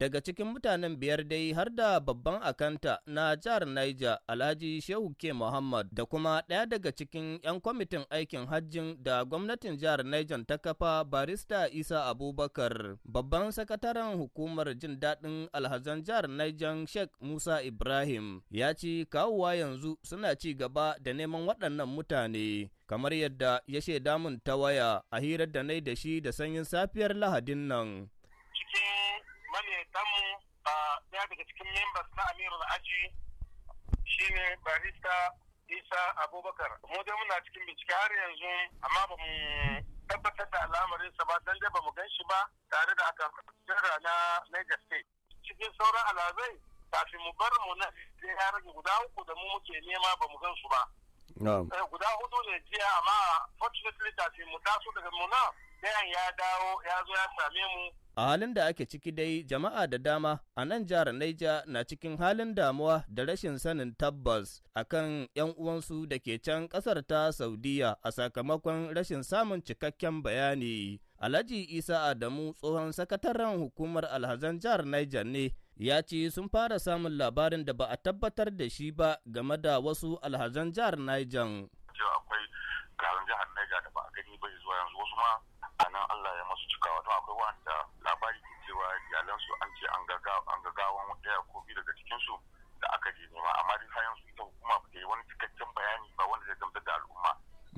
Daga cikin mutanen biyar dai har da babban akanta na jihar Niger Alhaji Shehu K. Muhammad da kuma ɗaya daga cikin 'yan kwamitin aikin hajjin da gwamnatin jihar Niger ta kafa barista Isa Abubakar. Babban sakataren hukumar jin daɗin alhazan jihar Niger Sheikh Musa Ibrahim ya ci kawowa yanzu suna ci gaba da neman waɗannan mutane. Kamar yadda ya shaida mun ta waya a hirar da nai da shi da sanyin safiyar Lahadin nan. mu ɗaya daga cikin membas na amirul aji shine barista isa abubakar mu dai muna cikin bincike har yanzu amma ba mu tabbatar da al'amarinsa ba don dai ba mu gan shi ba tare da aka jira na Niger State. Cikin sauran alazai kafin mu bar mu na sai ya rage guda uku da mu muke nema ba mu gan su ba. Eh, guda hudu ne jiya amma fortunately kafin mu taso daga mu dayan ya dawo ya zo ya same mu A halin da ake ciki dai jama'a da dama a nan jihar Naija na cikin halin damuwa da rashin sanin tabbas a kan 'yan uwansu da ke can ƙasar ta Saudiya a sakamakon rashin samun cikakken bayani. Alhaji Isa Adamu tsohon sakataren hukumar alhazan jihar Niger ne ya ce sun fara samun labarin da ba a tabbatar da shi ba game da wasu alhazan jihar Niger. Akwai jihar Niger da ba a gani ba yanzu wasu ma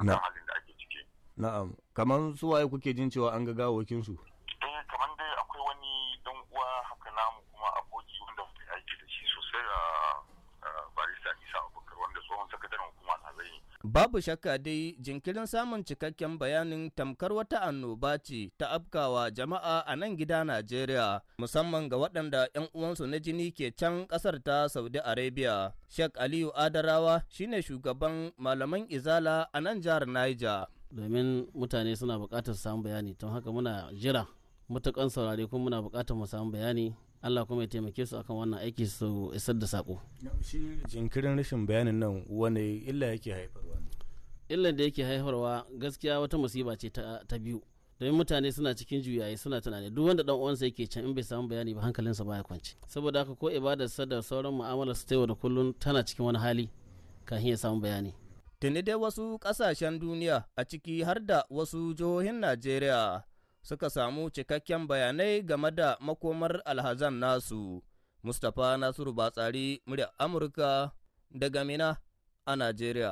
na halin ake ciki na'am kamar su waye kuke jin cewa an ga gawakin Babu shakka dai jinkirin samun cikakken bayanin tamkar wata annoba ce ta afkawa jama'a a nan gida Najeriya, musamman ga waɗanda 'yan uwansu na jini ke can ƙasar ta Saudi Arabia. Sheikh Aliyu Adarawa shine shugaban malaman Izala a nan jihar Niger. Domin mutane suna buƙatar samun bayani, don haka muna jira matukan saurare kuma muna buƙatar mu samu bayani Allah kuma ya taimake su akan wannan aiki su isar da sako. Shi jinkirin rashin bayanin nan wani illa yake haifarwa. illar da yake haifarwa gaskiya wata musiba ce ta biyu domin mutane suna cikin juyayi suna tunani duk wanda dan uwansa yake can in bai samu bayani ba hankalinsa baya kwance saboda haka ko ibadarsa da sauran mu'amalar su ta da kullun tana cikin wani hali kafin ya samu bayani tuni dai wasu kasashen duniya a ciki har da wasu jihohin najeriya suka samu cikakken bayanai game da makomar alhazan nasu mustapha nasiru batsari murya amurka daga mina a najeriya